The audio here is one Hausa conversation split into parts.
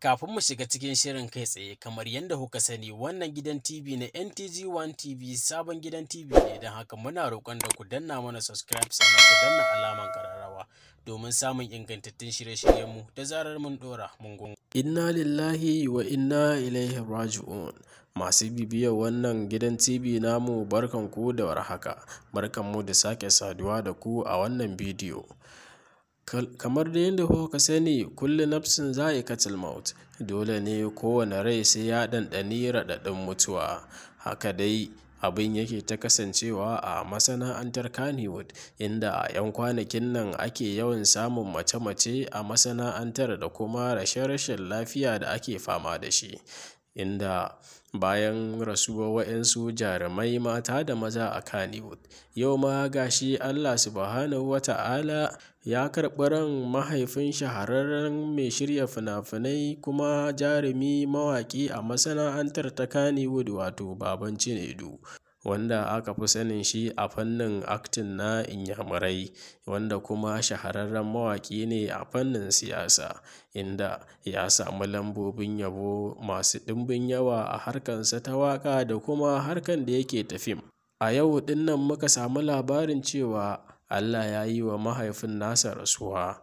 Kafin mu shiga cikin shirin kai tsaye kamar yadda kuka sani wannan gidan TV na NTG1 TV sabon gidan TV ne don haka muna roƙon da ku danna mana subscribe sannan ku danna alaman kararrawa domin samun ingantattun shirye-shiryenmu da zarar mun ɗora mun Inna lillahi wa inna ilaihi raji'un. Masu bibiyar wannan gidan TV namu barkan barkanku da warhaka. mu da sake saduwa da ku a wannan bidiyo. Kamar da yadda kuka sani, kullu nafsin za'iqatul maut. Dole ne kowane rai sai ya ɗanɗani raɗaɗin mutuwa. Haka dai abin yake ta kasancewa a masana'antar Kannywood, inda a 'yan kwanakin nan ake yawan samun mace-mace a masana'antar da kuma rashe-rashen lafiya da ake fama da shi. inda bayan rasuwar waɗansu jarumai mata da maza a Kannywood. Yau ma ga shi Allah subhanahu wa ta'ala ya karɓi ran mahaifin shahararren mai shirya fina-finai kuma jarumi mawaƙi a masana'antar ta Kannywood wato Baban ido. wanda aka fi sanin shi a fannin aktin na inyamurai wanda kuma shahararren mawaƙi ne a fannin siyasa inda ya samu lambobin yabo masu ɗimbin yawa a harkarsa ta waƙa da kuma harkan da yake ta fim a yau ɗinnan muka samu labarin cewa allah ya yi wa mahaifin nasa rasuwa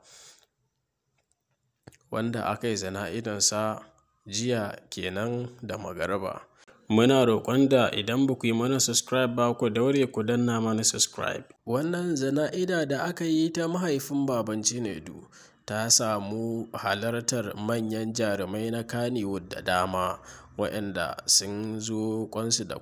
wanda aka yi zana'idansa jiya kenan da magaraba Muna roƙon da idan ba ku yi mana subscribe ba ku daure ku danna mana subscribe. Wannan zana'ida da aka yi ta mahaifin baban du ta samu halartar manyan jarumai na Kannywood da dama waɗanda sun zo kwansu da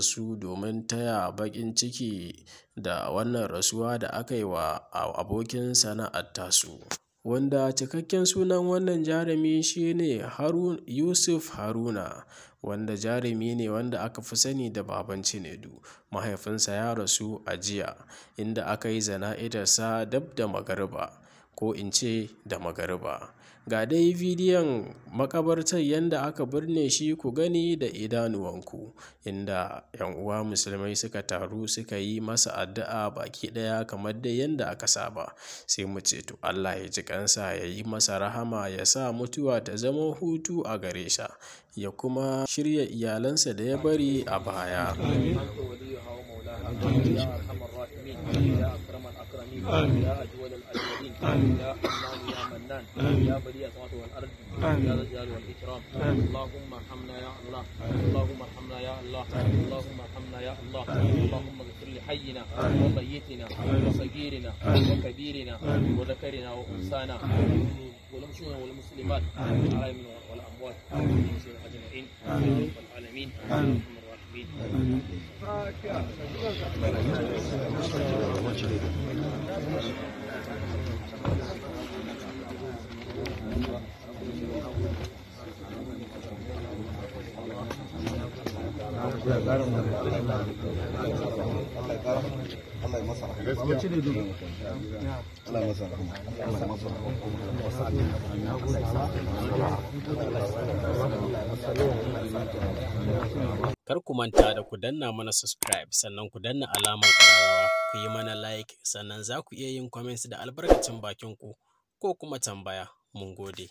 su domin taya baƙin ciki da wannan rasuwa da aka yi wa abokin sana'ar tasu. wanda cikakken sunan wannan jarumi shine Harun Yusuf Haruna wanda jarumi ne wanda aka fi sani da Baban Cinedu mahaifinsa ya rasu a jiya inda aka yi zana'idarsa dab da magarba ko in ce da magariba. Ga dai bidiyon makabartar yadda aka birne shi ku gani da idanuwanku inda 'yan uwa musulmai suka taru suka yi masa addu'a baki daya kamar dai yadda aka saba sai mu ce to Allah ya ji kansa ya yi masa rahama ya sa mutuwa ta zama hutu a gare sa ya kuma shirya iyalansa da ya bari a baya. الأكرمين يا أكرم الأكرمين يا أجود الأجودين يا حنان يا منان يا بديع السماوات والأرض يا ذا الجلال والإكرام اللهم ارحمنا يا الله اللهم ارحمنا يا الله اللهم ارحمنا يا الله اللهم اغفر لحينا وميتنا وصغيرنا وكبيرنا وذكرنا وأنسانا والمسلمين والمسلمات العالمين والأموات والمسلمين رب العالمين الرحمن الراحمين Kar ku manta da ku danna mana subscribe sannan ku danna alamar ƙararrawa ku yi mana like sannan za ku iya yin comments da albarkacin bakin ku ko kuma tambaya mun gode.